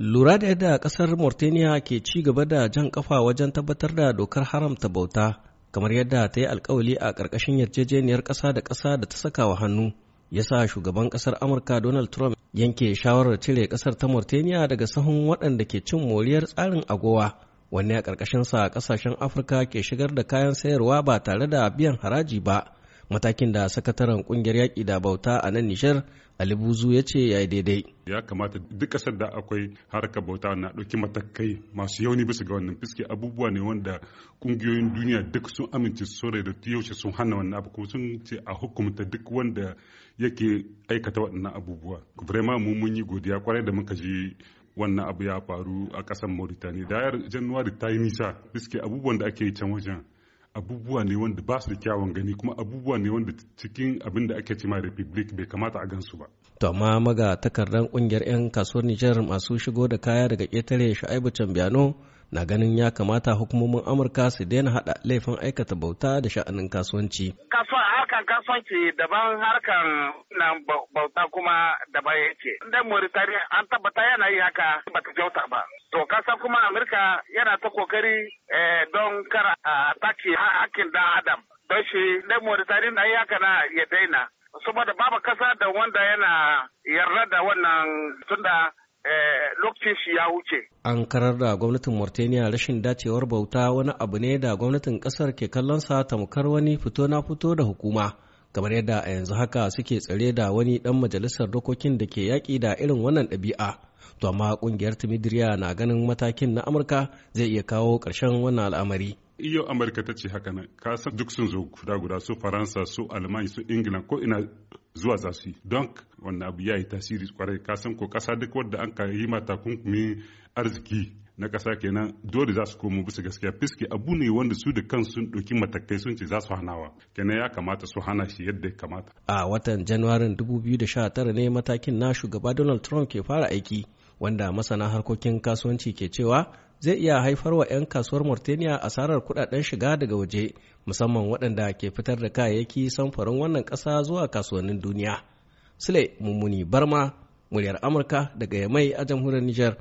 Lura da yadda ƙasar Mauritania ke ci gaba da jan ƙafa wajen tabbatar da dokar haramta bauta, kamar yadda ta yi alkawali a ƙarƙashin yarjejeniyar ƙasa da ƙasa da ta saka wa hannu, ya sa shugaban ƙasar Amurka Donald Trump yanke shawarar cire ƙasar ta Mauritania daga sahun waɗanda ke cin moriyar tsarin agowa, wanne a ƙarƙashinsa ƙasashen Afirka ke shigar da kayan sayarwa ba tare da biyan haraji ba. matakin da sakataren kungiyar yaƙi da bauta a nan nishar alibuzu ya ce ya yi daidai ya kamata duk ƙasar da akwai harkar bauta na ɗauki matakai masu yauni bisa ga wannan fiske abubuwa ne wanda ƙungiyoyin duniya duk sun amince su da yaushe sun hana wannan abu ko sun ce a hukumta duk wanda yake aikata waɗannan abubuwa vraiment mu mun yi godiya kwarai da muka ji wannan abu ya faru a ƙasar mauritania da yar januwari ta yi nisa fiske abubuwan da ake yi can wajen abubuwa ne wanda ba su da kyawun gani kuma abubuwa ne wanda cikin abin da ake cima republic bai kamata a gansu ba. To amma maga takardar kungiyar 'yan kasuwar Nijar masu shigo da kaya daga ƙetare Sha'ibu Cambiano na ganin ya kamata hukumomin Amurka su daina haɗa laifin aikata bauta da sha'anin kasuwanci. harkan kasuwanci daban harkan na bauta kuma daban yake. Dan Mauritania an tabbata yana yi haka ba ta kyauta ba. To kasan kuma Amurka yana ta kokari eh, don kar a take hakkin dan Adam. Don shi na Mauritania na yi haka na ya daina. Saboda babu kasa da wanda yana yarda da wannan tunda eh, lokacin shi ya wuce. An karar da gwamnatin Mauritania rashin dacewar bauta wani abu ne da gwamnatin kasar ke kallon sa tamkar wani fito na fito da hukuma. kamar yadda a yanzu haka suke tsare da wani ɗan majalisar dokokin da ke yaƙi da irin wannan ɗabi'a to amma kungiyar timidiriya na ganin matakin na amurka zai iya kawo ƙarshen wannan al'amari iyo amurka ta ce haka nan ka san duk sun zo guda guda su faransa su alman su ingila ko ina zuwa za su yi don wannan abu ya yi tasiri kwarai ka san ko kasa duk wadda an ka yi mata kunkumin arziki na kasa kenan dole za su komo bisa gaskiya fiske abu ne wanda su da kan sun ɗauki matakai sun ce za su hanawa kenan ya kamata su hana shi yadda ya kamata a watan januwarin 2019 ne matakin na shugaba donald trump ke fara aiki wanda masana harkokin kasuwanci ke cewa zai iya haifar wa 'yan kasuwar Mauritania asarar kudaden shiga daga waje musamman waɗanda ke fitar da kayayyaki samfarin wannan ƙasa zuwa kasuwannin duniya. Sule Mummuni Barma, muryar Amurka daga Yamai a jamhuriyar Nijar.